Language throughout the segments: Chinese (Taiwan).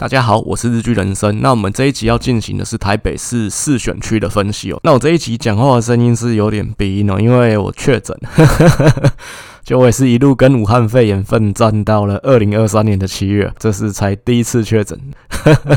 大家好，我是日劇人生。那我們這一集要進行的是台北市四選區的分析哦，那我這一集講話的聲音是有點鼻音哦，因為我確診，就我也是一路跟武漢肺炎奮戰到了二零二三年的七月，這是才第一次確診。呵呵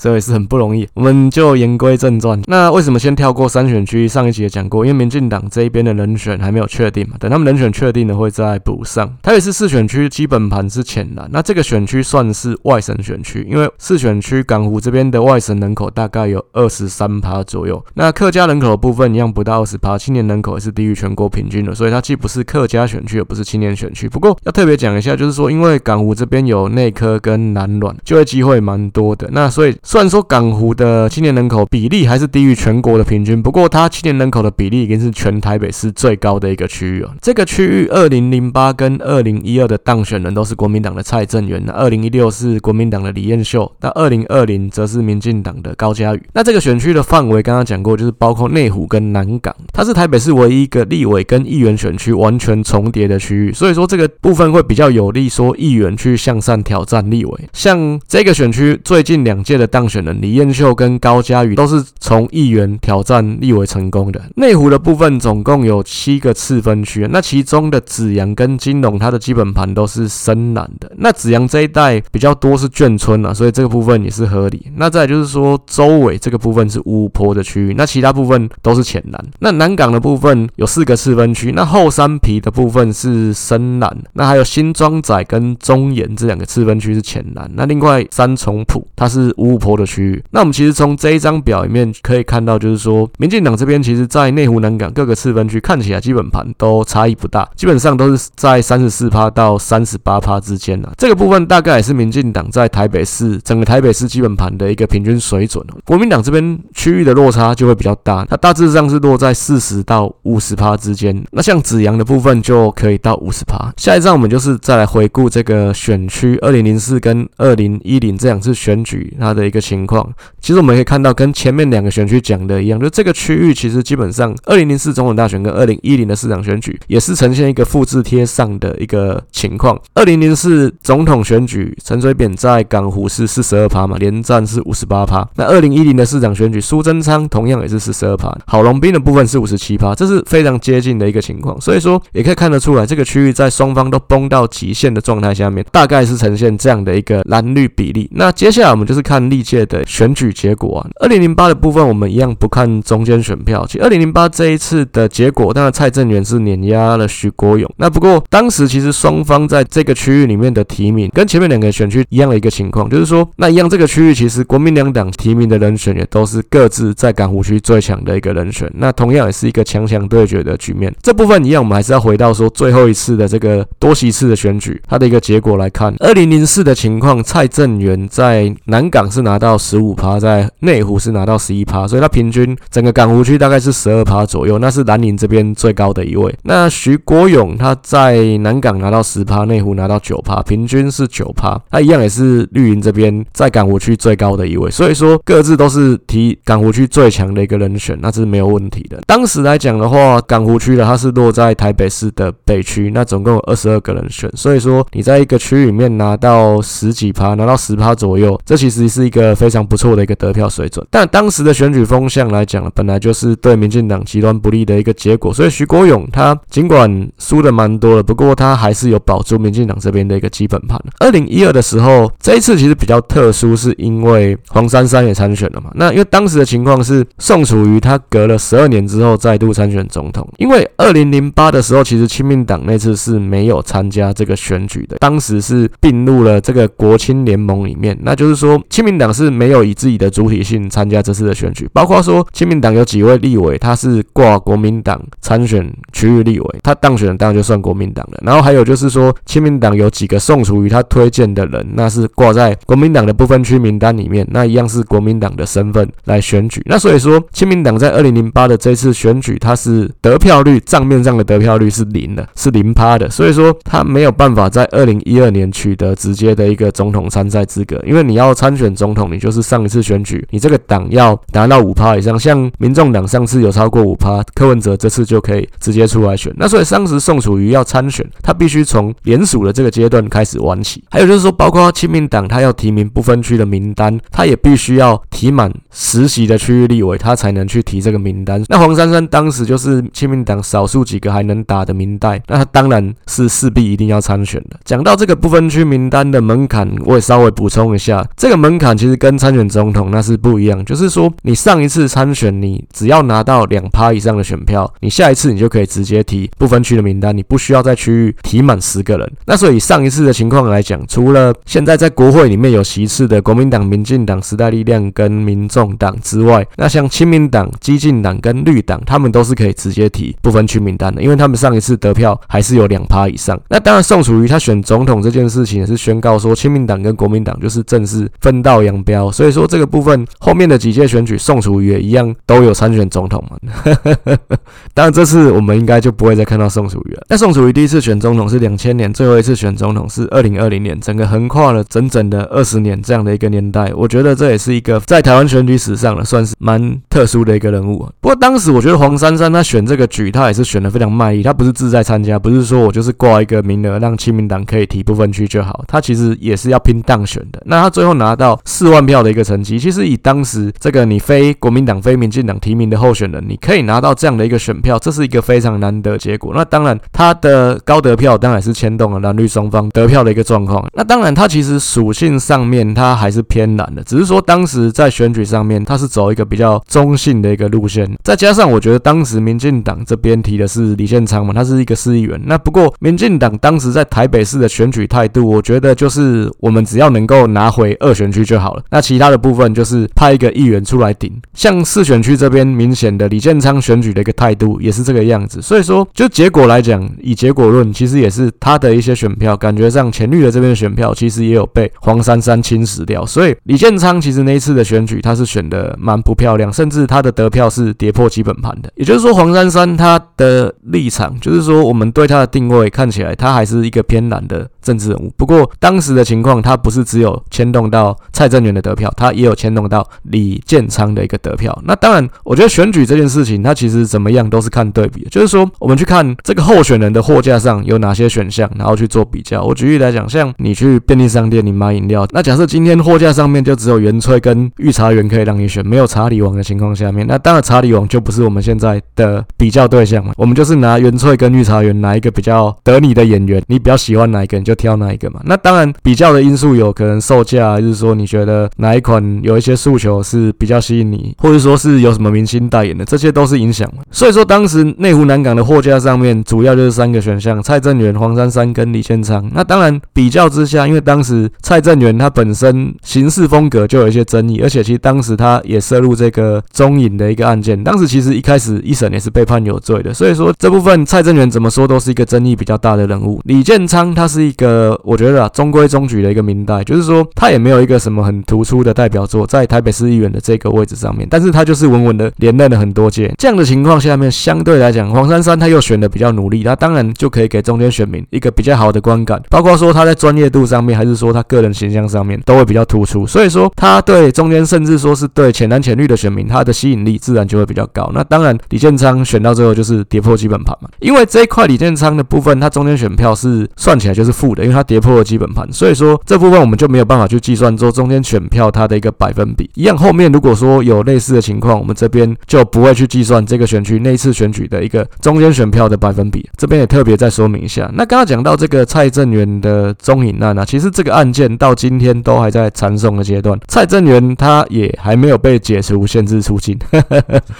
這也是很不容易，我們就言歸正傳。那為什麼先跳過三選區？上一集也講過，因為民進黨這一邊的人選還沒有確定嘛，等他們人選確定了會再補上。它，也是四選區基本盤是淺藍。那這個選區算是外省選區，因為四選區港湖這邊的外省人口大概有二十三趴左右。那客家人口的部分一樣不到二十趴，青年人口也是低於全國平均的，所以它既不是客家選區，也不是青年選區。不過要特別講一下，就是說因為港湖這邊有內科跟南軟，就業機會蠻多的。那所以。雖然說港湖的青年人口比例還是低於全國的平均，不過它青年人口的比例已經是全台北市最高的一個區域哦。這個區域二零零八跟二零一二的當選人都是國民黨的蔡正元，那二零一六是國民黨的李彥秀，那二零二零則是民進黨的高嘉瑜。那這個選區的範圍剛剛講過，就是包括內湖跟南港，它是台北市唯一一個立委跟議員選區完全重疊的區域，所以說這個部分會比較有利，說議員去向上挑戰立委。像這個選區最近兩屆的當當選的李彥秀跟高嘉瑜都是從議員挑戰立委成功的。內湖的部分總共有七個次分區，那其中的紫陽跟金龍，它的基本盤都是深藍的。那紫陽這一帶比較多是眷村啊，所以這個部分也是合理。那再就是說，周圍這個部分是五五波的區域，那其他部分都是淺藍。那南港的部分有四個次分區，那後山埤的部分是深藍，那還有新莊仔跟中研這兩個次分區是淺藍。那另外三重埔，它是五五波。多的區域，那我們其實從這一張表裡面可以看到，就是說民進黨這邊其實，在內湖、南港各個次分區看起來基本盤都差異不大，基本上都是在三十四趴到三十八趴之間啊。這個部分大概也是民進黨在台北市整個台北市基本盤的一個平均水準。國民黨這邊區域的落差就會比較大，它大致上是落在四十到五十趴之間。那像紫陽的部分就可以到五十趴。下一張我們就是再來回顧這個選區二零零四跟二零一零這兩次選舉它的。一個情況，其實我們可以看到，跟前面兩個選區講的一樣，就是這個區域其實基本上，二零零四總統大選跟二零一零的市長選舉也是呈現一個複製貼上的一個情況。二零零四總統選舉陳水扁在港湖是四十二趴嘛，連戰是五十八趴。那二零一零的市長選舉蘇貞昌同樣也是四十二趴，郝龍斌的部分是五十七趴，這是非常接近的一個情況。所以說，也可以看得出來，這個區域在雙方都崩到極限的狀態下面，大概是呈現這樣的一個藍綠比例。那接下來我們就是看立。屆的選舉結果啊，二零零八的部分我們一樣不看中間選票。其實二零零八這一次的結果，當然蔡正元是碾壓了徐國勇。那不過當時其實雙方在這個區域裡面的提名，跟前面兩個選區一樣的一個情況，就是說那一樣這個區域其實國民兩黨提名的人選也都是各自在港湖區最強的一個人選。那同樣也是一個強強對決的局面。這部分一樣，我們還是要回到說最後一次的這個多席次的選舉，它的一個結果來看。二零零四的情況，蔡正元在南港是哪？拿到十五趴，在內湖是拿到十一趴，所以他平均整個港湖區大概是十二趴左右，那是藍營這邊最高的一位。那徐國勇他在南港拿到十趴，內湖拿到九趴，平均是九趴，他一樣也是綠營這邊在港湖區最高的一位。所以說各自都是提港湖區最強的一個人選，那是沒有問題的。當時來講的話，港湖區的它是落在台北市的北區，那總共有二十二個人選，所以說你在一個區裡面拿到十幾趴，拿到十趴左右，這其實是一個。一個非常不錯的一個得票水準，但當時的選舉風向來講，本來就是對民進黨極端不利的一個結果。所以徐國勇他儘管輸得蠻多的，不過他還是有保住民進黨這邊的一個基本盤。二零一二的時候，這一次其實比較特殊，是因為黃珊珊也參選了嘛。那因為當時的情況是，宋楚瑜他隔了十二年之後再度參選總統，因為二零零八的時候，其實親民黨那次是沒有參加這個選舉的，當時是併入了這個國親聯盟裡面。那就是說，親民黨。是沒有以自己的主體性參加這次的選舉，包括說親民黨有幾位立委，他是掛國民黨參選區域立委，他當選的當然就算國民黨了。然後還有就是說，親民黨有幾個宋楚瑜他推薦的人，那是掛在國民黨的不分區名單裡面，那一樣是國民黨的身份來選舉。那所以說，親民黨在二零零八的這次選舉，他是得票率賬面上的得票率是零的，是零趴的，所以說他沒有辦法在二零一二年取得直接的一個總統參賽資格，因為你要參選總統。你就是上一次選舉，你這個黨要達到五趴以上，像民眾黨上次有超過五趴，柯文哲這次就可以直接出來選。那所以當時宋楚瑜要參選，他必須從連署的這個階段開始玩起。還有就是說，包括親民黨他要提名不分區的名單，他也必須要提滿十席的區域立委，他才能去提這個名單。那黃珊珊當時就是親民黨少數幾個還能打的名單，那他當然是勢必一定要參選的。講到這個不分區名單的門檻，我也稍微補充一下，這個門檻其實。跟參選總統那是不一樣，就是說你上一次參選，你只要拿到兩趴以上的選票，你下一次你就可以直接提不分區的名單，你不需要在區域提滿十個人。那所以上一次的情況來講，除了現在在國會裡面有席次的國民黨、民進黨、時代力量跟民眾黨之外，那像親民黨、激進黨跟綠黨，他們都是可以直接提不分區名單的，因為他們上一次得票還是有兩趴以上。那當然，宋楚瑜他選總統這件事情也是宣告說，親民黨跟國民黨就是正式分道揚標，所以說這個部分後面的幾屆選舉，宋楚瑜也一樣都有參選總統嘛，啊呵呵呵。當然這次我們應該就不會再看到宋楚瑜了。那宋楚瑜第一次選總統是兩千年，最後一次選總統是二零二零年，整個橫跨了整整的二十年這樣的一個年代，我覺得這也是一個在台灣選舉史上了，算是蠻特殊的一個人物，啊。不過當時我覺得黃珊珊她選這個舉，她也是選得非常賣力，她不是志在參加，不是說我就是掛一個名額讓親民黨可以提不分區就好，她其實也是要拼當選的。那她最後拿到四。萬票的一個成績，其實以當時這個你非國民黨、非民進黨提名的候選人，你可以拿到這樣的一個選票，這是一個非常難得結果。那當然，他的高得票當然是牽動了藍綠雙方得票的一個狀況。那當然，他其實屬性上面他還是偏藍的，只是說當時在選舉上面他是走一個比較中性的一個路線。再加上我覺得當時民進黨這邊提的是李建昌嘛，他是一個市議員。那不過民進黨當時在台北市的選舉態度，我覺得就是我們只要能夠拿回二選區就好。好了，那其他的部分就是派一個議員出來頂。像市選區這邊明顯的李建昌選舉的一個態度也是這個樣子，所以說就結果來講，以結果論，其實也是他的一些選票，感覺上淺綠的這邊的選票其實也有被黃珊珊侵蝕掉。所以李建昌其實那一次的選舉他是選的蠻不漂亮，甚至他的得票是跌破基本盤的。也就是說黃珊珊他的立場就是說，我們對他的定位看起來他還是一個偏藍的政治人物，不過當時的情況，他不是只有牽動到蔡正元的得票，他也有牽動到李建昌的一個得票。那當然，我覺得選舉這件事情，它其實怎麼樣都是看對比的，就是說我們去看這個候選人的貨架上有哪些選項，然後去做比較。我舉例來講，像你去便利商店，你買飲料，那假設今天貨架上面就只有原萃跟御茶園可以讓你選，沒有茶裏王的情況下面，那當然茶裏王就不是我們現在的比較對象了，我們就是拿原萃跟御茶園哪一個比較得你的眼緣，你比較喜歡哪一個人就挑哪一個嘛。那當然比較的因素有可能售價，就是說你覺得哪一款有一些訴求是比較吸引你，或者說是有什麼明星代言的，這些都是影響。所以說當時內湖南港的貨架上面主要就是三個選項：蔡正元、黃珊珊跟李建昌。那當然比較之下，因為當時蔡正元他本身行事風格就有一些爭議，而且其實當時他也涉入這個中影的一個案件，當時其實一開始一審也是被判有罪的。所以說這部分蔡正元怎麼說都是一個爭議比較大的人物。李建昌他是一個個我覺得啊，中規中矩的一個民代，就是說他也沒有一個什麼很突出的代表作，在台北市議員的這個位置上面，但是他就是穩穩的連任了很多屆。這樣的情況下面，相對來講，黃珊珊他又選的比較努力，他當然就可以給中間選民一個比較好的觀感，包括說他在專業度上面，還是說他個人形象上面都會比較突出，所以說他對中間，甚至說是對淺藍淺綠的選民，他的吸引力自然就會比較高。那當然，李建昌選到最後就是跌破基本盤嘛，因為這一塊李建昌的部分，他中間選票是算起來就是負。因為它跌破了基本盤，所以說這部分我們就沒有辦法去計算做中間選票它的一個百分比。一樣，後面如果說有類似的情況，我們這邊就不會去計算這個選區那一次選舉的一個中間選票的百分比。這邊也特別再說明一下。那剛剛講到這個蔡正元的中影案呢、啊，其實這個案件到今天都還在纏訟的階段，蔡正元他也還沒有被解除限制出境。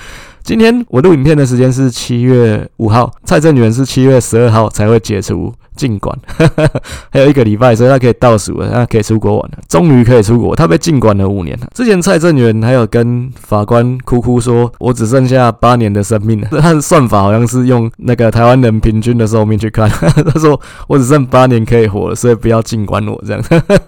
今天我錄影片的時間是七月五號，蔡正元是七月十二號才會解除。境管， 還有一個禮拜，所以他可以倒數了，他可以出國玩了，終於可以出國。他被境管了五年了。之前蔡正元還有跟法官哭哭說：“我只剩下八年的生命了。”他的算法好像是用那個台灣人平均的壽命去看。 他說：“我只剩八年可以活了，所以不要境管我。”這樣，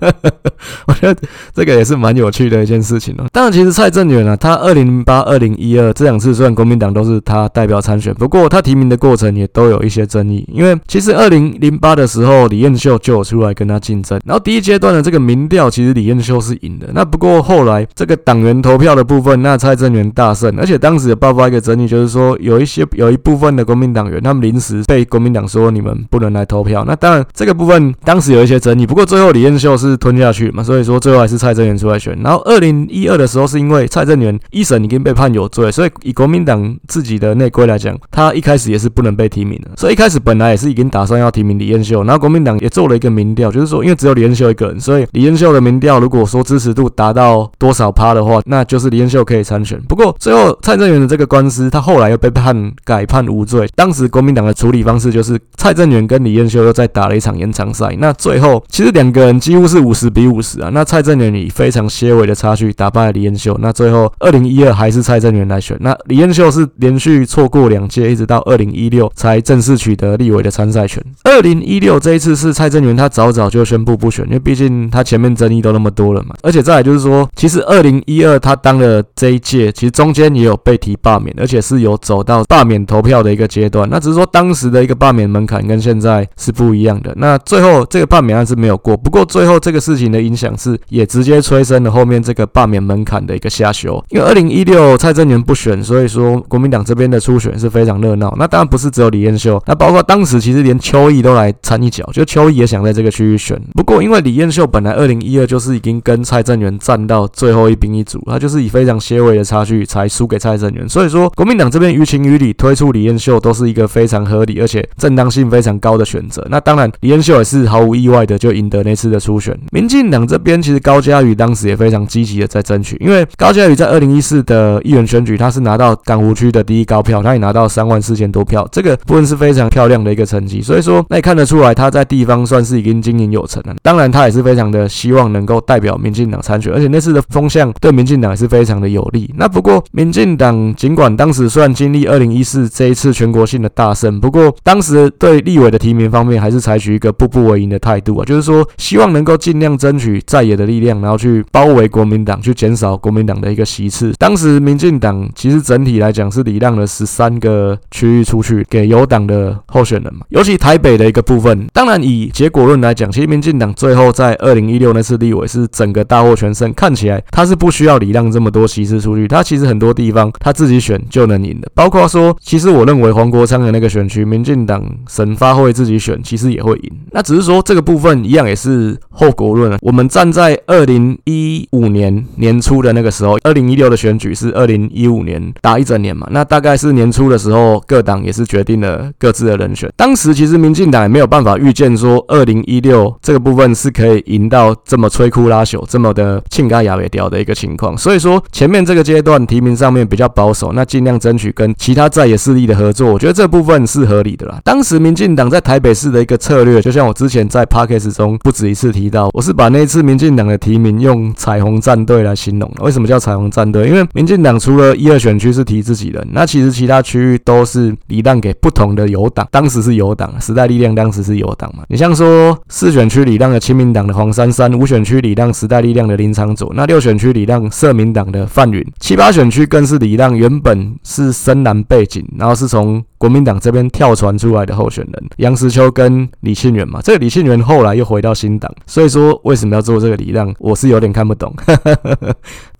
我覺得這個也是蠻有趣的一件事情哦、喔。當然，其實蔡正元啊他，他二零零八、二零一二這兩次雖然國民黨都是他代表參選，不過他提名的過程也都有一些爭議，因為其實二零零。八的時候，李彥秀就有出來跟他競爭。然後第一階段的這個民調，其實李彥秀是贏的。那不過後來這個黨員投票的部分，那蔡正元大勝。而且當時也爆發一個爭議，就是說有一些有一部分的國民黨員，他們臨時被國民黨說你們不能來投票。那當然這個部分當時有一些爭議，不過最後李彥秀是吞下去嘛，所以說最後還是蔡正元出來選。然後二零一二的時候，是因為蔡正元一審已經被判有罪，所以以國民黨自己的內規來講，他一開始也是不能被提名的。所以一開始本來也是已經打算要提名李。秀，然後國民黨也做了一個民調，就是說，因為只有李彥秀一個人，所以李彥秀的民調，如果說支持度達到多少趴的話，那就是李彥秀可以參選。不過最後蔡正元的這個官司，他後來又被判改判無罪。當時國民黨的處理方式就是蔡正元跟李彥秀又再打了一場延長賽，那最後其實兩個人幾乎是五十比五十啊。那蔡正元以非常些微的差距打敗了李彥秀，那最後二零一二還是蔡正元來選，那李彥秀是連續錯過兩屆，一直到二零一六才正式取得立委的參賽權。二零。一六這一次是蔡正元，他早早就宣布不選，因為畢竟他前面爭議都那麼多了嘛。而且再來就是說，其實二零一二他當了這一屆，其實中間也有被提罷免，而且是有走到罷免投票的一個階段。那只是說當時的一個罷免門檻跟現在是不一樣的。那最後這個罷免案是沒有過。不過最後這個事情的影響是，也直接催生了後面這個罷免門檻的一個下修。因為二零一六蔡正元不選，所以說國民黨這邊的初選是非常熱鬧。那當然不是只有李彥秀，那包括當時其實連邱毅都來。來摻一腳，就邱毅也想在這個區域選。不過，因為李彥秀本來二零一二就是已經跟蔡正元站到最後一兵一組，他就是以非常些微的差距才輸給蔡正元。所以說，國民黨這邊於情於理推出李彥秀都是一個非常合理而且正當性非常高的選擇。那當然，李彥秀也是毫無意外的就贏得那次的初選。民進黨這邊其實高嘉瑜當時也非常積極的在爭取，因為高嘉瑜在二零一四的議員選舉，他是拿到港湖區的第一高票，他也拿到三萬四千多票，這個部分是非常漂亮的一個成績。所以說，那你看。看得出來，他在地方算是已經經營有成了。當然，他也是非常的希望能夠代表民進黨參選，而且那次的風向對民進黨也是非常的有利。那不過，民進黨儘管當時雖然經歷二零一四這一次全國性的大勝，不過當時對立委的提名方面還是採取一個步步為營的態度啊，就是說希望能夠儘量爭取在野的力量，然後去包圍國民黨，去減少國民黨的一個席次。當時民進黨其實整體來講是禮讓了十三個區域出去給友黨的候選人嘛，尤其台北的一個。部分，當然以結果論來講，其實民進黨最後在二零一六那次立委是整個大獲全勝，看起來他是不需要禮讓這麼多席次出去，他其實很多地方他自己選就能贏的。包括說，其實我認為黃國昌的那個選區，民進黨省發會自己選，其實也會贏。那只是說這個部分一樣也是後果論，我們站在二零一五年年初的那個時候，二零一六的選舉是二零一五年打一整年嘛，那大概是年初的時候，各黨也是決定了各自的人選。當時其實民進黨也，沒有辦法預見說，二零一六這個部分是可以贏到這麼摧枯拉朽、這麼的傾家壓尾掉的一個情況。所以說，前面這個階段提名上面比較保守，那盡量爭取跟其他在野勢力的合作，我覺得這個部分是合理的啦。當時民進黨在台北市的一個策略，就像我之前在 Podcast 中不止一次提到，我是把那次民進黨的提名用彩虹戰隊來形容了。為什麼叫彩虹戰隊？因為民進黨除了一二選區是提自己人，那其實其他區域都是禮讓給不同的友黨。當時是友黨時代力量的。當時是有黨嘛？你像說四選區禮讓的親民黨的黃珊珊，五選區禮讓時代力量的林昶佐，那六選區禮讓社民黨的范雲，七八選區更是禮讓原本是深藍背景，然後是從國民黨這邊跳船出來的候選人楊實秋跟李慶元嘛？這個李慶元後來又回到新黨，所以說為什麼要做這個禮讓，我是有點看不懂。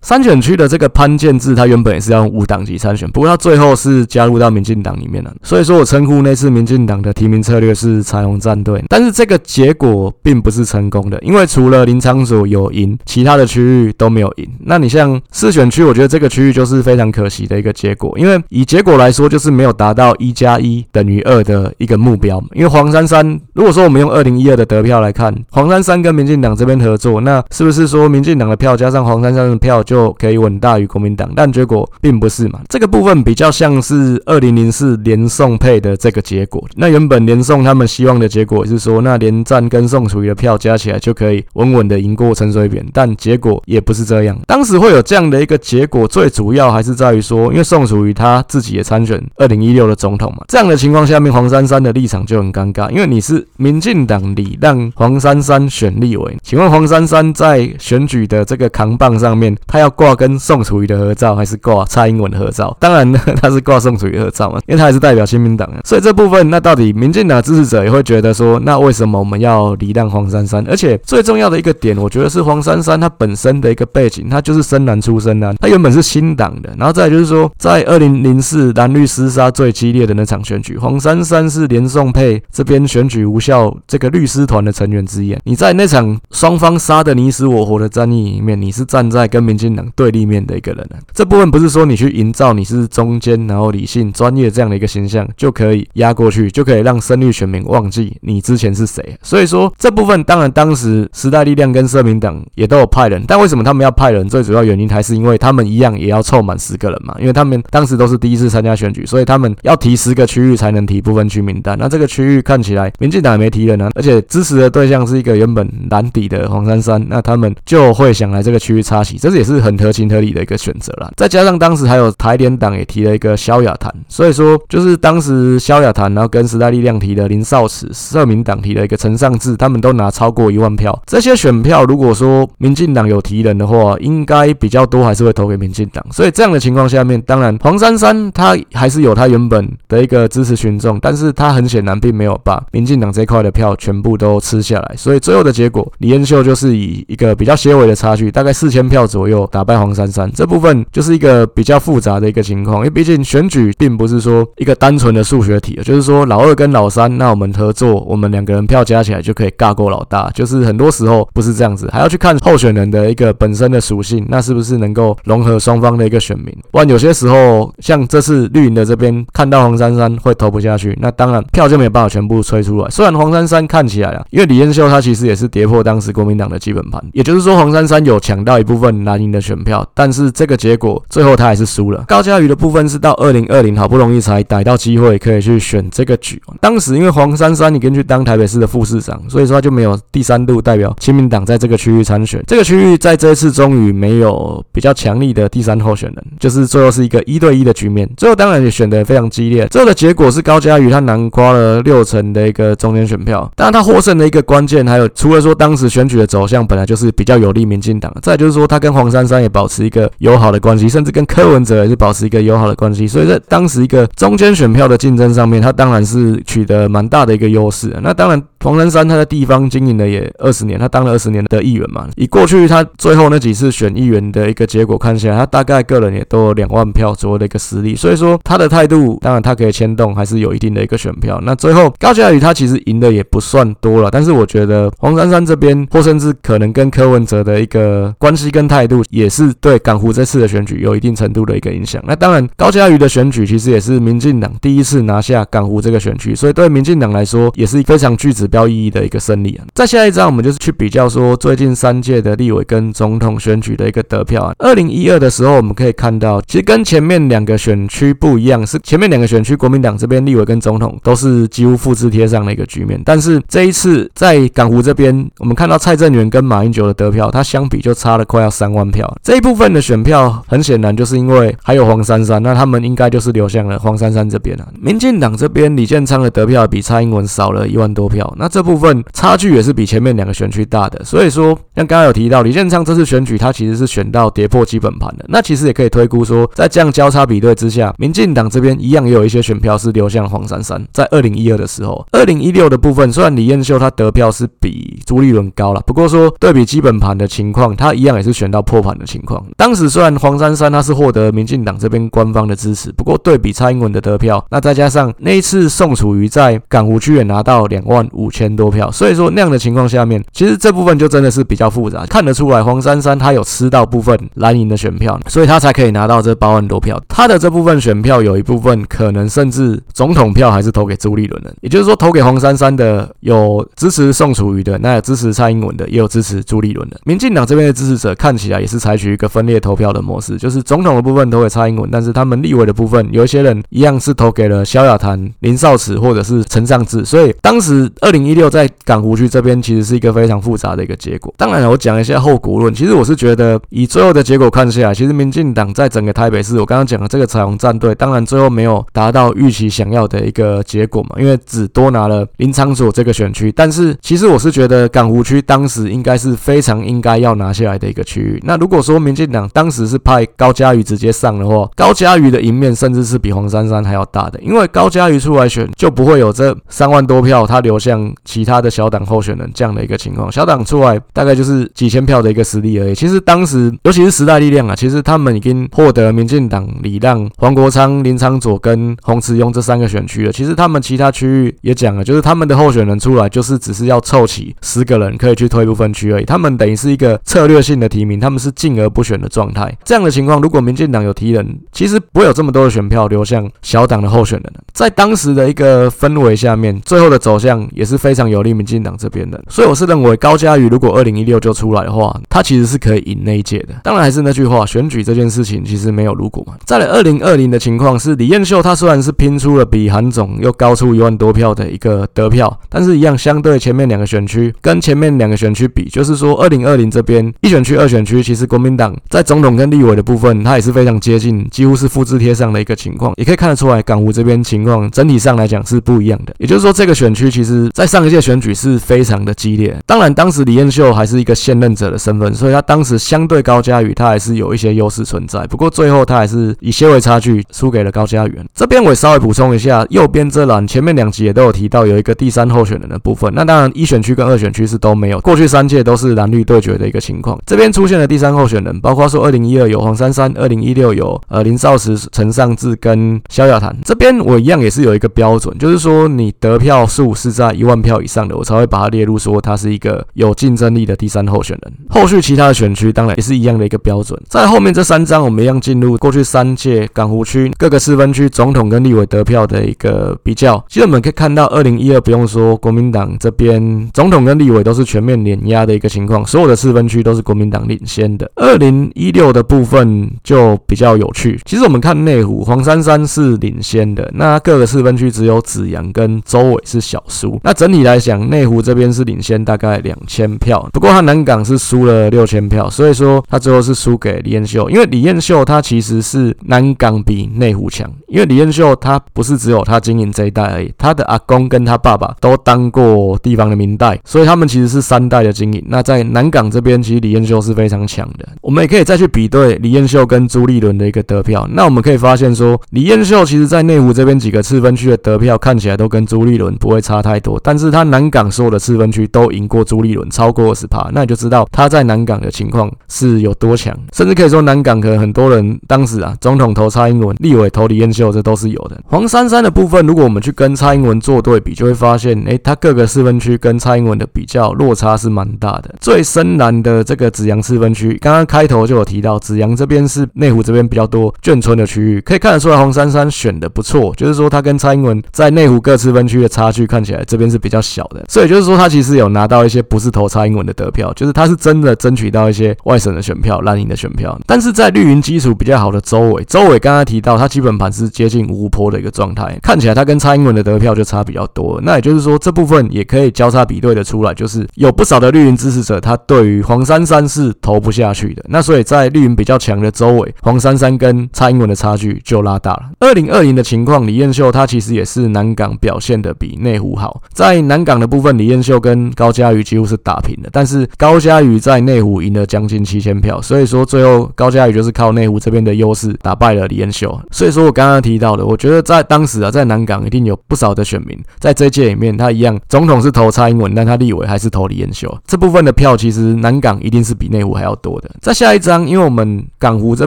三選區的這個潘建志，他原本也是要用無黨籍參選，不過他最後是加入到民進黨裡面了。所以說我稱呼那次民進黨的提名策略是彩虹戰隊，但是這個結果並不是成功的，因為除了林昶佐有贏，其他的區域都沒有贏。那你像四選區，我覺得這個區域就是非常可惜的一個結果，因為以結果來說，就是沒有達到一加一等於二的一個目標。因為黃珊珊，如果說我們用二零一二的得票來看，黃珊珊跟民進黨這邊合作，那是不是說民進黨的票加上黃珊珊的票？就可以穩大於國民黨，但結果並不是嘛。這個部分比較像是二零零四連宋配的這個結果。那原本連宋他們希望的結果也是說，那連戰跟宋楚瑜的票加起來就可以穩穩的贏過陳水扁，但結果也不是這樣。當時會有這樣的一個結果，最主要還是在於說，因為宋楚瑜他自己也參選二零一六的總統嘛。這樣的情況下面，黃珊珊的立場就很尷尬，因為你是民進黨裡讓黃珊珊選立委，請問黃珊珊在選舉的這個扛棒上面，要掛跟宋楚瑜的合照，還是掛蔡英文的合照？當然呢，他是掛宋楚瑜的合照嘛，因為他還是代表親民黨啊。所以這部分，那到底民進黨支持者也會覺得說，那為什麼我們要禮讓黃珊珊？而且最重要的一個點，我覺得是黃珊珊她本身的一個背景，她就是深藍出身啊，她原本是新黨的。然後再就是說，在二零零四藍綠廝殺最激烈的那場選舉，黃珊珊是連宋配這邊選舉無效這個律師團的成員之一。你在那場雙方殺的你死我活的戰役裡面，你是站在跟民進。對立面的一個人呢、啊。這部分不是說你去營造你是中間，然後理性、專業這樣的一個形象就可以壓過去，就可以讓聲律選民忘記你之前是誰、啊。所以說這部分當然當時時代力量跟社民黨也都有派人，但為什麼他們要派人？最主要原因還是因為他們一樣也要湊滿十個人嘛，因為他們當時都是第一次參加選舉，所以他們要提十個區域才能提不分區名單。那這個區域看起來民進黨也沒提人呢、啊，而且支持的對象是一個原本藍底的黃珊珊，那他們就會想來這個區域插旗，這也是。很合情合理的一個選擇啦，再加上當時還有台聯黨也提了一個蕭亞譚，所以說就是當時蕭亞譚，然後跟時代力量提的林少慈，社民黨提的一個陳尚志，他們都拿超過一萬票。這些選票如果說民進黨有提人的話，應該比較多還是會投給民進黨。所以這樣的情況下面，當然黃珊珊她還是有她原本的一個支持群眾，但是她很顯然並沒有把民進黨這塊的票全部都吃下來。所以最後的結果，李彥秀就是以一個比較些微的差距，大概四千票左右。打敗黃珊珊這部分就是一個比較複雜的一個情況，因為畢竟選舉並不是說一個單純的數學題，就是說老二跟老三，那我們合作，我們兩個人票加起來就可以尬過老大，就是很多時候不是這樣子，還要去看候選人的一個本身的屬性，那是不是能夠融合雙方的一個選民。不然有些時候像這次綠營的這邊看到黃珊珊會投不下去，那當然票就沒有辦法全部催出來。雖然黃珊珊看起來啊，因為李彥秀他其實也是跌破當時國民黨的基本盤，也就是說黃珊珊有搶到一部分藍的選票，但是這個結果最後他還是輸了。高嘉瑜的部分是到二零二零好不容易才逮到機會可以去選這個局。當時因為黃珊珊已經去當台北市的副市長，所以說他就沒有第三度代表親民黨在這個區域參選。這個區域在這一次終於沒有比較強力的第三候選人，就是最後是一個一對一的局面。最後當然也選得非常激烈。最後的結果是高嘉瑜他囊括了六成的一個中間選票，當然他獲勝的一個關鍵還有，除了說當時選舉的走向本來就是比較有利民進黨，再就是說他跟黃珊。珊珊也保持一個友好的關係，甚至跟柯文哲也是保持一個友好的關係，所以在當時一個中間選票的競爭上面，他當然是取得蠻大的一個優勢。那當然黃珊珊他的地方經營了也二十年，他當了二十年的議員嘛。以過去他最後那幾次選議員的一個結果看下來，他大概個人也都有兩萬票左右的一個實力。所以說他的態度，當然他可以牽動，還是有一定的一個選票。那最後高嘉瑜他其實贏的也不算多了，但是我覺得黃珊珊這邊或甚至可能跟柯文哲的一個關係跟態度。也是對港湖這次的選舉有一定程度的一個影響。那當然，高嘉瑜的選舉其實也是民進黨第一次拿下港湖這個選區，所以對民進黨來說也是非常具指標意義的一個勝利啊。再下一張，我們就是去比較說最近三屆的立委跟總統選舉的一個得票啊。二零一二的時候，我們可以看到，其實跟前面兩個選區不一樣，是前面兩個選區國民黨這邊立委跟總統都是幾乎複製貼上的一個局面，但是這一次在港湖這邊，我們看到蔡正元跟馬英九的得票，他相比就差了快要三萬票。這一部分的選票，很顯然就是因為還有黃珊珊，那他們應該就是流向了黃珊珊這邊啊。民進黨這邊李建昌的得票比蔡英文少了一萬多票，那這部分差距也是比前面兩個選區大的。所以說，像剛剛有提到李建昌這次選舉，他其實是選到跌破基本盤的。那其實也可以推估說，在這樣交叉比對之下，民進黨這邊一樣也有一些選票是流向黃珊珊。在二零一二的時候，二零一六的部分，雖然李彥秀他得票是比朱立倫高啦，不過說對比基本盤的情況，他一樣也是選到破盤。的情況，當時雖然黃珊珊他是獲得民進黨這邊官方的支持，不過對比蔡英文的得票，那再加上那一次宋楚瑜在港湖區也拿到兩萬五千多票，所以說那樣的情況下面，其實這部分就真的是比較複雜，看得出來黃珊珊他有吃到部分藍營的選票，所以他才可以拿到這八萬多票。他的這部分選票有一部分可能甚至總統票還是投給朱立倫的，也就是說投給黃珊珊的有支持宋楚瑜的，那有支持蔡英文的，也有支持朱立倫的。民進黨這邊的支持者看起來也是。採取一個分裂投票的模式，就是總統的部分都會蔡英文，但是他們立委的部分，有一些人一樣是投給了蕭亞譚、林少慈或者是陳尚志，所以當時二零一六在港湖區這邊其實是一個非常複雜的一個結果。當然，我講一下後果論，其實我是覺得以最後的結果看下來，其實民進黨在整個台北市，我剛剛講的這個彩虹戰隊，當然最後沒有達到預期想要的一個結果嘛，因為只多拿了林昶佐這個選區，但是其實我是覺得港湖區當時應該是非常應該要拿下來的一個區域。那如如果說民進黨當時是派高嘉瑜直接上的話，高嘉瑜的贏面甚至是比黃珊珊還要大的，因為高嘉瑜出來選就不會有這三萬多票，他流向其他的小黨候選人這樣的一個情況。小黨出來大概就是幾千票的一個實力而已。其實當時，尤其是時代力量啊，其實他們已經獲得民進黨禮讓、黃國昌、林昶佐跟洪慈庸這三個選區了。其實他們其他區域也講了，就是他們的候選人出來就是只是要湊齊十個人可以去推不分區而已。他們等於是一個策略性的提名，他們是。進而不選的狀態，這樣的情況，如果民進黨有提人，其實不會有這麼多的選票流向小黨的候選人。在當時的一個氛圍下面，最後的走向也是非常有利民進黨這邊的。所以我是認為高嘉瑜如果二零一六就出來的話，他其實是可以贏那一屆的。當然還是那句話，選舉這件事情其實沒有如果嘛。再來二零二零的情況是，李彥秀他雖然是拼出了比韓總又高出一萬多票的一個得票，但是一樣相對前面兩個選區跟前面兩個選區比，就是說二零二零這邊一選區、二選區其實。國民黨在總統跟立委的部分，它也是非常接近，幾乎是複製貼上的一個情況，也可以看得出來，港湖這邊情況整體上來講是不一樣的。也就是說，這個選區其實在上一屆選舉是非常的激烈。當然，當時李彥秀還是一個現任者的身份，所以他當時相對高嘉瑜，他還是有一些優勢存在。不過最後他還是以些微差距輸給了高嘉瑜。這邊我稍微補充一下，右邊這欄前面兩集也都有提到，有一個第三候選人的部分。那當然，一選區跟二選區是都沒有，過去三屆都是藍綠對決的一個情況。這邊出現了第三。候選人包括說，二零一二有黃珊珊，二零一六有呃林少時、陳尚志跟蕭亞談。這邊我一樣也是有一個標準，就是說你得票數是在一萬票以上的，我才會把它列入說他是一個有競爭力的第三候選人。後續其他的選區當然也是一樣的一個標準。在後面這三張，我們一樣進入過去三屆港湖區各個四分區總統跟立委得票的一個比較。其實我們可以看到，二零一二不用說，國民黨這邊總統跟立委都是全面碾壓的一個情況，所有的四分區都是國民黨領先的。二零一六的部分就比較有趣。其實我們看內湖，黃珊珊是領先的。那各個次分區只有紫陽跟周偉是小輸。那整體來講，內湖這邊是領先大概兩千票。不過他南港是輸了六千票，所以說他最後是輸給李彥秀。因為李彥秀他其實是南港比內湖強，因為李彥秀他不是只有他經營這一代而已，他的阿公跟他爸爸都當過地方的民代，所以他們其實是三代的經營。那在南港這邊，其實李彥秀是非常強。我們也可以再去比對李彥秀跟朱立倫的一個得票，那我們可以發現說，李彥秀其實在內湖這邊幾個次分區的得票看起來都跟朱立倫不會差太多，但是他南港所有的次分區都贏過朱立倫超過二十趴，那你就知道他在南港的情況是有多強，甚至可以說南港可能很多人當時啊，總統投蔡英文，立委投李彥秀，這都是有的。黃珊珊的部分，如果我們去跟蔡英文做對比，就會發現，誒，他各個次分區跟蔡英文的比較落差是蠻大的，最深藍的這個紫陽次分區。剛剛開頭就有提到，紫陽這邊是內湖這邊比較多眷村的區域，可以看得出來黃珊珊選的不錯，就是說他跟蔡英文在內湖各次分區的差距看起來這邊是比較小的，所以就是說他其實有拿到一些不是投蔡英文的得票，就是他是真的爭取到一些外省的選票、藍營的選票。但是在綠營基礎比較好的周圍，周圍剛剛提到他基本盤是接近五五波的一個狀態，看起來他跟蔡英文的得票就差比較多，那也就是說，這部分也可以交叉比對的出來，就是有不少的綠營支持者，他對於黃珊珊是投不下去的那，所以在綠營比較強的周圍，黃珊珊跟蔡英文的差距就拉大了。二零二零的情況，李彥秀他其實也是南港表現的比內湖好。在南港的部分，李彥秀跟高嘉瑜幾乎是打平的。但是高嘉瑜在內湖贏了將近七千票，所以說最後高嘉瑜就是靠內湖這邊的優勢打敗了李彥秀。所以說我剛剛提到的，我覺得在當時啊，在南港一定有不少的選民，在這屆裡面，他一樣總統是投蔡英文，但他立委還是投李彥秀。這部分的票，其實南港一定是比內湖還要多的。再下一張，因為我們港湖這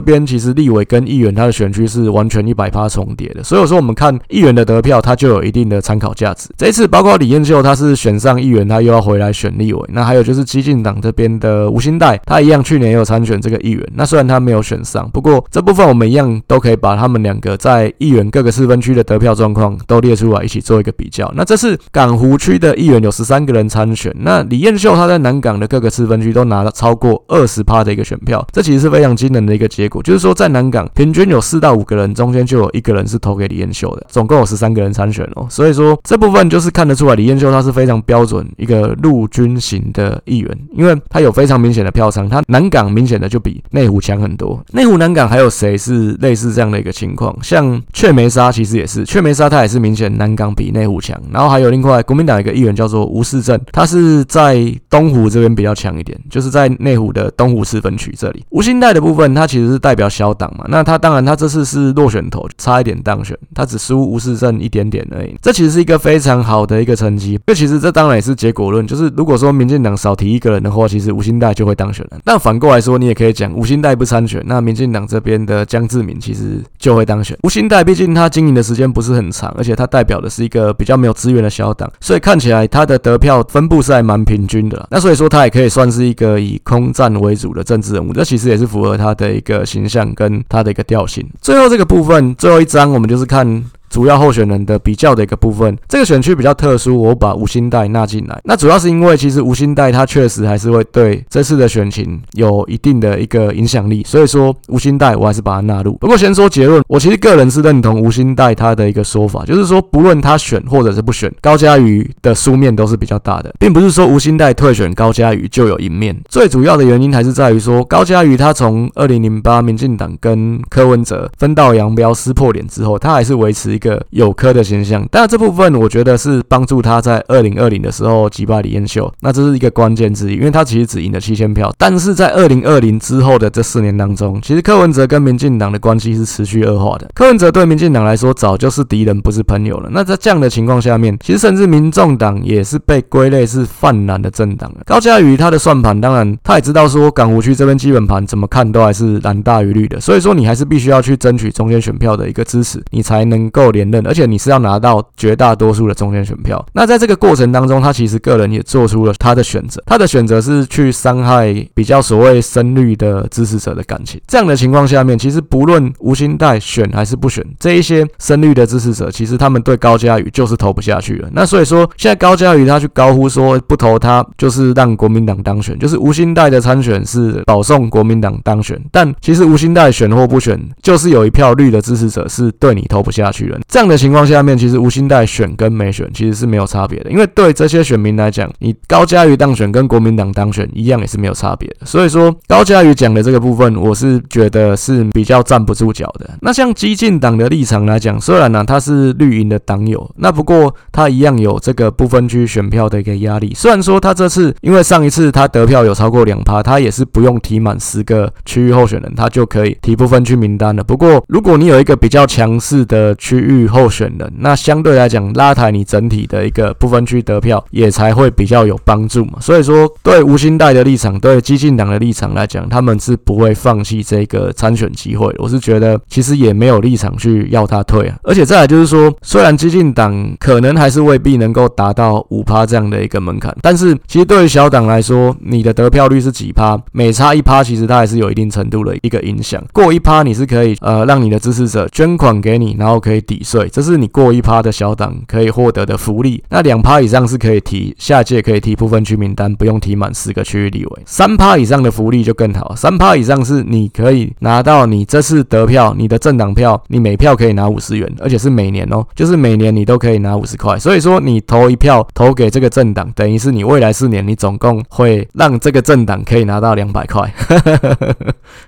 邊其實立委跟議員他的選區是完全一百趴重疊的，所以我說我們看議員的得票，它就有一定的參考價值。這一次包括李彥秀，他是選上議員，他又要回來選立委。那還有就是基進黨這邊的吳欣岱，他一樣去年也有參選這個議員。那雖然他沒有選上，不過這部分我們一樣都可以把他們兩個在議員各個四分區的得票狀況都列出來，一起做一個比較。那這次港湖區的議員有十三個人參選，那李彥秀他在南港的各個四分區都拿了超過二十趴的的一個選票，這其實是非常驚人的一個結果。就是說，在南港平均有四到五個人，中間就有一個人是投給李彥秀的。總共有十三個人參選哦，所以說這部分就是看得出來，李彥秀他是非常標準一個陸軍型的議員，因為他有非常明顯的票倉。他南港明顯的就比內湖強很多。內湖南港還有誰是類似這樣的一個情況？像闕枚沙其實也是，闕枚沙他也是明顯南港比內湖強。然後還有另外國民黨一個議員叫做吳世正，他是在東湖這邊比較強一點，就是在內湖的東湖。四分區這裡，吳欣岱的部分，他其實是代表小黨嘛，那他當然他這次是落選頭，差一點當選，他只輸吳世正一點點而已，這其實是一個非常好的一個成績。這其實這當然也是結果論，就是如果說民進黨少提一個人的話，其實吳欣岱就會當選了。那反過來說，你也可以講吳欣岱不參選，那民進黨這邊的江志銘其實就會當選。吳欣岱畢竟他經營的時間不是很長，而且他代表的是一個比較沒有資源的小黨，所以看起來他的得票分布是還蠻平均的啊。那所以說他也可以算是一個以空戰為主的政治人物，這其實也是符合他的一個形象跟他的一個調性。最後這個部分，最後一章，我們就是看。主要候選人的比較的一個部分，這個選區比較特殊，我把吳欣岱納進來。那主要是因為其實吳欣岱他確實還是會對這次的選情有一定的一個影響力，所以說吳欣岱我還是把他納入。不過先說結論，我其實個人是認同吳欣岱他的一個說法，就是說不論他選或者是不選，高嘉瑜的輸面都是比較大的，並不是說吳欣岱退選高嘉瑜就有贏面。最主要的原因還是在於說高嘉瑜他從二零零八民進黨跟柯文哲分道揚鑣撕破臉之後，他還是維持一個。有科的形象，但這部分我覺得是幫助他在二零二零的時候擊敗李彥秀，那這是一個關鍵之一。因為他其實只贏了七千票，但是在二零二零之後的這四年當中，其實柯文哲跟民進黨的關係是持續惡化的。柯文哲對民進黨來說早就是敵人，不是朋友了。那在這樣的情況下面，其實甚至民眾黨也是被歸類是泛藍的政黨了。高嘉瑜他的算盤，當然他也知道說，港湖區這邊基本盤怎麼看都還是藍大於綠的，所以說你還是必須要去爭取中間選票的一個支持，你才能夠。連任，而且你是要拿到絕大多數的中間選票。那在這個過程當中，他其實個人也做出了他的選擇。他的選擇是去傷害比較所謂深綠的支持者的感情。這樣的情況下面，其實不論吳欣岱選還是不選，這一些深綠的支持者，其實他們對高嘉瑜就是投不下去了。那所以說，現在高嘉瑜他去高呼說不投他，就是讓國民黨當選，就是吳欣岱的參選是保送國民黨當選。但其實吳欣岱選或不選，就是有一票綠的支持者是對你投不下去了。這樣的情況下面，其實無心泰選跟沒選其實是沒有差別的，因為對這些選民來講，你高嘉瑜當選跟國民黨當選一樣也是沒有差別的。所以說高嘉瑜講的這個部分，我是覺得是比較站不住腳的。那像基進黨的立場來講，雖然呢、啊、他是綠營的黨友，那不過他一樣有這個不分區選票的一個壓力。雖然說他這次因為上一次他得票有超過兩趴，他也是不用提滿十個區域候選人，他就可以提不分區名單了。不過如果你有一個比較強勢的區，預候選人，那相對來講，拉抬你整體的一個不分區得票，也才會比較有幫助嘛。所以說，對吳欣岱的立場，對基進黨的立場來講，他們是不會放棄這個參選機會的。我是覺得，其實也沒有立場去要他退啊。而且再來就是說，雖然基進黨可能還是未必能夠達到五趴這樣的一個門檻，但是其實對於小黨來說，你的得票率是幾趴，每差一趴，其實它還是有一定程度的一個影響。過一趴你是可以呃，讓你的支持者捐款給你，然後可以抵。幾歲？這是你過一趴的小黨可以獲得的福利。那兩趴以上是可以提下屆，可以提部分區名單，不用提滿四個區域立委。三趴以上的福利就更好。三趴以上是你可以拿到，你這次得票，你的政黨票，你每票可以拿五十元，而且是每年哦，就是每年你都可以拿五十塊。所以說，你投一票投給這個政黨，等於是你未來四年你總共會讓這個政黨可以拿到兩百塊。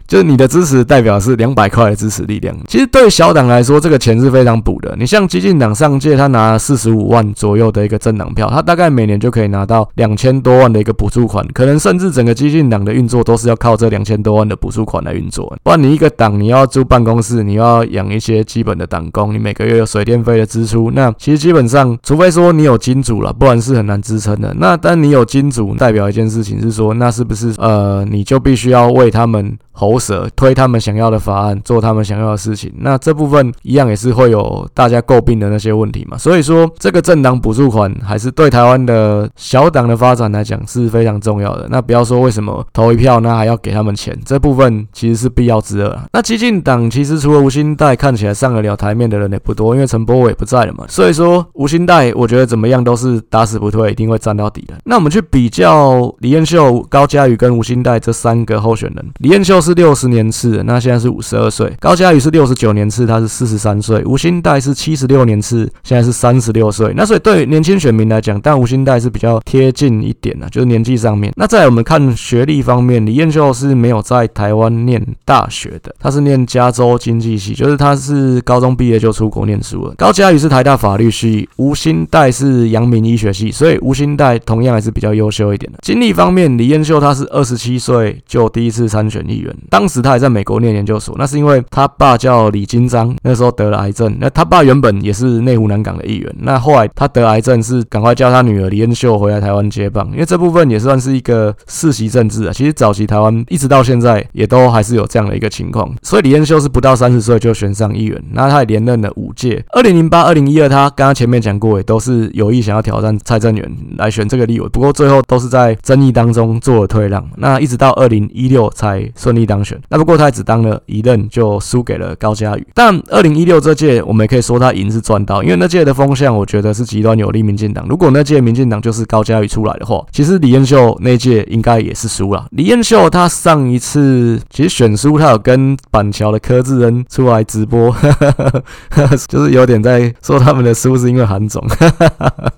就是你的支持代表是兩百塊的支持力量。其實對小黨來說，這個錢是非常補的。你像基進黨上屆，他拿四十五萬左右的一個政黨票，他大概每年就可以拿到兩千多萬的一個補助款，可能甚至整個基進黨的運作都是要靠這兩千多萬的補助款來運作。不然你一個黨，你要租辦公室，你要養一些基本的黨工，你每個月有水電費的支出，那其實基本上，除非說你有金主了，不然是很難支撐的。那但你有金主，代表一件事情是說，那是不是呃你就必須要為他們？喉舌推他們想要的法案，做他們想要的事情，那這部分一樣也是會有大家詬病的那些問題嘛？所以說，這個政黨補助款還是對台灣的小黨的發展來講是非常重要的。那不要說為什麼投一票那還要給他們錢，這部分其實是必要之惡啊。那基進黨其實除了吳欣岱看起來上得了台面的人也不多，因為陳柏惟也不在了嘛。所以說，吳欣岱我覺得怎麼樣都是打死不退，一定會戰到底的。那我們去比較李彥秀、高嘉瑜跟吳欣岱這三個候選人，李彥秀。是六十年次，那現在是五十二歲。高嘉瑜是六十九年次，他是四十三歲。吳新代是七十六年次，現在是三十六歲。那所以對年輕選民來講，但吳新代是比較貼近一點的，就是年紀上面。那再來我們看學歷方面，李彥秀是沒有在台灣念大學的，他是念加州經濟系，就是他是高中畢業就出國念書了。高嘉瑜是台大法律系，吳新代是陽明醫學系，所以吳新代同樣還是比較優秀一點的。經歷方面，李彥秀他是二十七歲就第一次參選議員。當時他還在美國念研究所，那是因為他爸叫李金章，那時候得了癌症。那他爸原本也是內湖南港的議員，那後來他得癌症是趕快叫他女兒李彥秀回來台灣接棒，因為這部分也算是一個世襲政治啊。其實早期台灣一直到現在也都還是有這樣的一個情況，所以李彥秀是不到三十歲就選上議員，那他也連任了五屆。二零零八、二零一二，他剛剛前面講過，也都是有意想要挑戰蔡正元來選這個立委，不過最後都是在爭議當中做了退讓。那一直到二零一六才順利。當選，那不過他只當了一任就輸給了高嘉瑜。但二零一六這屆我們也可以說他贏是賺到，因為那屆的風向我覺得是極端有利民進黨。如果那屆民進黨就是高嘉瑜出來的話，其實李彥秀那屆應該也是輸了。李彥秀他上一次其實選輸，他有跟板橋的柯智恩出來直播呵呵呵，就是有點在說他們的輸是因為韓總。呵呵呵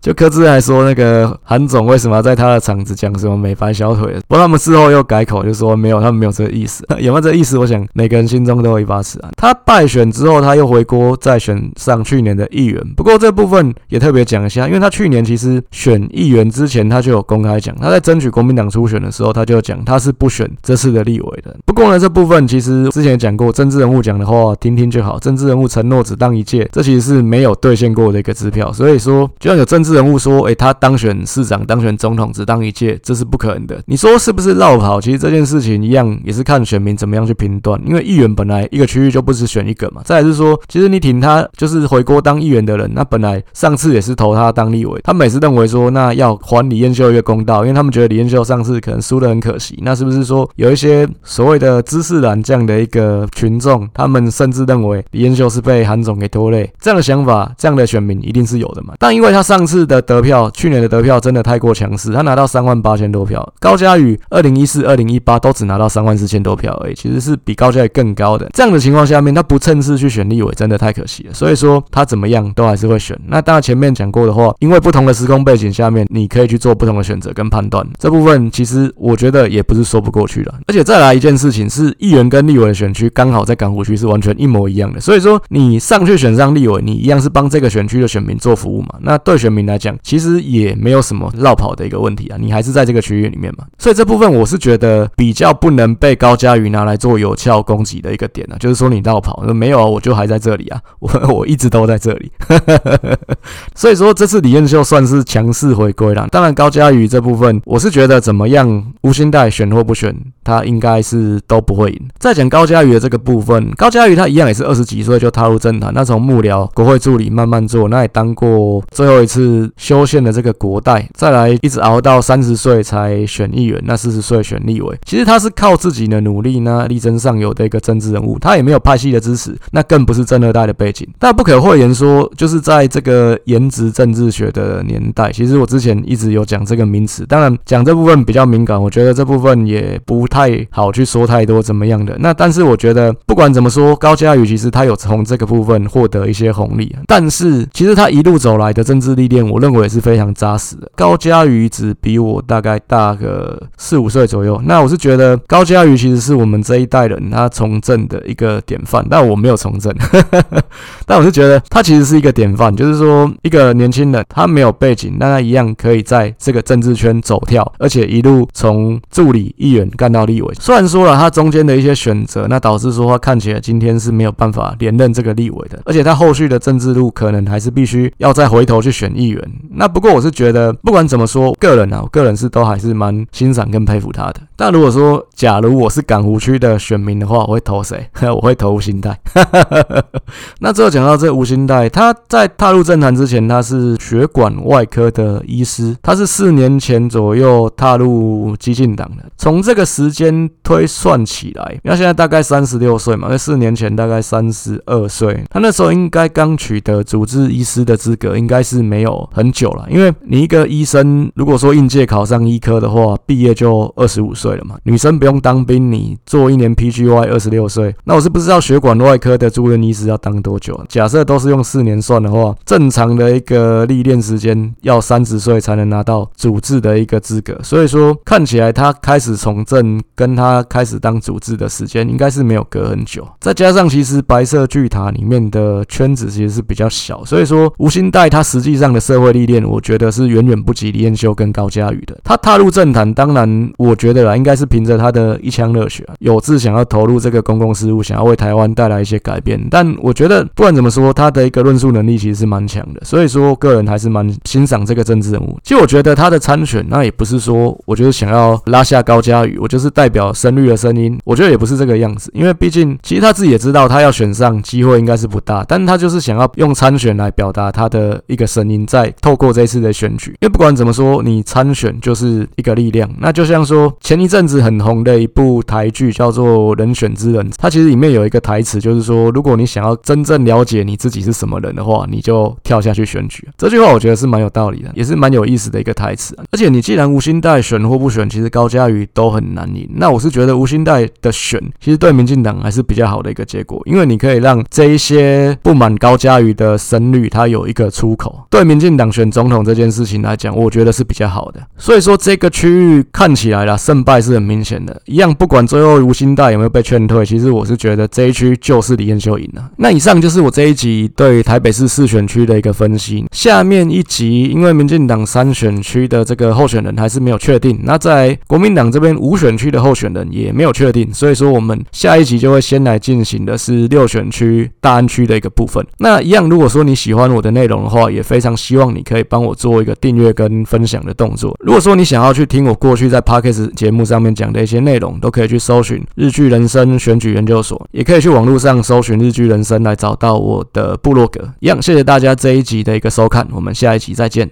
就柯志來說，那個韓總為什麼要在他的場子講什麼美白小腿？不過他們事後又改口，就說沒有，他們沒有這個意思。 有沒有這個意思？我想每個人心中都有一把尺啊。他敗選之後，他又回鍋再選上去年的議員。不過這部分也特別講一下，因為他去年其實選議員之前，他就有公開講，他在爭取國民黨初選的時候，他就講他是不選這次的立委的。不過呢，這部分其實之前講過，政治人物講的話聽聽就好，政治人物承諾只當一屆，這其實是沒有兌現過的一個支票。所以說，就像有政治。人物說：“哎、欸，他當選市長、當選總統只當一屆，這是不可能的。你說是不是繞跑？其實這件事情一樣也是看選民怎麼樣去評斷。因為議員本來一個區域就不止選一個嘛。再來是說，其實你挺他，就是回鍋當議員的人，那本來上次也是投他當立委。他每次認為說，那要還李彥秀一個公道，因為他們覺得李彥秀上次可能輸得很可惜。那是不是說有一些所謂的知識藍這樣的一個群眾，他們甚至認為李彥秀是被韓總給拖累，這樣的想法，這樣的選民一定是有的嘛？但因為他上次”的得票，去年的得票真的太過強勢，他拿到三萬八千多票。高嘉瑜二零一四、二零一八都只拿到三萬四千多票而已，其實是比高嘉瑜更高的。這樣的情況下面，他不趁勢去選立委，真的太可惜了。所以說他怎麼樣都還是會選。那當然前面講過的話，因為不同的時空背景下面，你可以去做不同的選擇跟判斷。這部分其實我覺得也不是說不過去了。而且再來一件事情是，議員跟立委的選區剛好在港湖區是完全一模一樣的，所以說你上去選上立委，你一樣是幫這個選區的選民做服務嘛。那對選民來講，其實也沒有什麼落跑的一個問題啊，你還是在這個區域裡面嘛。所以這部分我是覺得比較不能被高嘉瑜拿來做有效攻擊的一個點呢、啊，就是說你落跑，沒有啊，我就還在這裡啊，我我一直都在這裡。 所以說這次李彥秀算是強勢回歸了。當然高嘉瑜這部分，我是覺得怎麼樣，吳欣岱選或不選，他應該是都不會贏。再講高嘉瑜的這個部分，高嘉瑜他一樣也是二十幾歲就踏入政壇，那從幕僚、國會助理慢慢做，那也當過最後一次。修憲的這個國代，再來一直熬到三十歲才選議員，那四十歲選立委，其實他是靠自己的努力呢，那力爭上游的一個政治人物，他也沒有派系的支持，那更不是政二代的背景。那不可諱言說，就是在這個顏值政治學的年代，其實我之前一直有講這個名詞，當然講這部分比較敏感，我覺得這部分也不太好去說太多怎麼樣的。那但是我覺得不管怎麼說，高嘉瑜其實他有從這個部分獲得一些紅利，但是其實他一路走來的政治歷練。我認為也是非常扎實的。高嘉瑜只比我大概大個四五歲左右。那我是覺得高嘉瑜其實是我們這一代人，他從政的一個典範，但我沒有從政， 但我是覺得他其實是一個典範，就是說一個年輕人，他沒有背景，但他一樣可以在這個政治圈走跳，而且一路從助理議員幹到立委。雖然說了他中間的一些選擇，那導致說他看起來今天是沒有辦法連任這個立委的，而且他後續的政治路可能還是必須要再回頭去選議員。那不過我是覺得，不管怎麼說，個人啊，我個人是都還是蠻欣賞跟佩服他的。但如果說，假如我是港湖區的選民的話，我會投誰？ 我會投吳欣岱哈哈， 那最後講到這吳欣岱，他在踏入政壇之前，他是血管外科的醫師，他是四年前左右踏入基進黨的。從這個時間推算起來，那現在大概三十六歲嘛，那四年前大概三十二歲，他那時候應該剛取得主治醫師的資格，應該是沒有。很久了，因為你一個醫生，如果說應屆考上醫科的話，畢業就二十五歲了嘛。女生不用當兵，你做一年 PGY 二十六歲。那我是不知道血管外科的住院醫師要當多久啊？假設都是用四年算的話，正常的一個歷練時間要三十歲才能拿到主治的一個資格。所以說看起來他開始從政，跟他開始當主治的時間應該是沒有隔很久。再加上其實白色巨塔裡面的圈子其實是比較小，所以說吳欣岱他實際上的。社會歷練，我覺得是遠遠不及李彥秀跟高嘉瑜的。他踏入政壇，當然我覺得啦，應該是憑着他的一腔熱血，有志想要投入這個公共事務，想要為台灣帶來一些改變。但我覺得，不管怎麼說，他的一個論述能力其實是蠻強的。所以說，個人還是蠻欣賞這個政治人物。其實我覺得他的參選，那也不是說，我就是想要拉下高嘉瑜，我就是代表深綠的聲音。我覺得也不是這個樣子，因為畢竟，其實他自己也知道，他要選上機會應該是不大。但他就是想要用參選來表達他的一個聲音在。透過這次的選舉，因為不管怎麼說，你參選就是一個力量。那就像說前一陣子很紅的一部台劇叫做《人選之人》，它其實裡面有一個台詞，就是說，如果你想要真正了解你自己是什麼人的話，你就跳下去選舉。這句話我覺得是蠻有道理的，也是蠻有意思的一個台詞。而且你既然吳欣岱選或不選，其實高嘉瑜都很難贏。那我是覺得吳欣岱的選，其實對民進黨還是比較好的一個結果，因為你可以讓這一些不滿高嘉瑜的神旅，他有一個出口，對民進。民進黨選總統這件事情來講，我覺得是比較好的，所以說這個區域看起來啦，勝敗是很明顯的。一樣，不管最後吳欣岱有沒有被勸退，其實我是覺得這一區就是李彥秀贏了啊。那以上就是我這一集對台北市四選區的一個分析。下面一集，因為民進黨三選區的這個候選人還是沒有確定，那在國民黨這邊五選區的候選人也沒有確定，所以說我們下一集就會先來進行的是六選區大安區的一個部分。那一樣，如果說你喜歡我的內容的話，也非常希望。希望你可以幫我做一個訂閱跟分享的動作。如果說你想要去聽我過去在 Podcast 節目上面講的一些內容，都可以去搜尋日劇人生選舉研究所，也可以去網絡上搜尋日劇人生來找到我的部落格。一樣，謝謝大家這一集的一個收看，我們下一集再見。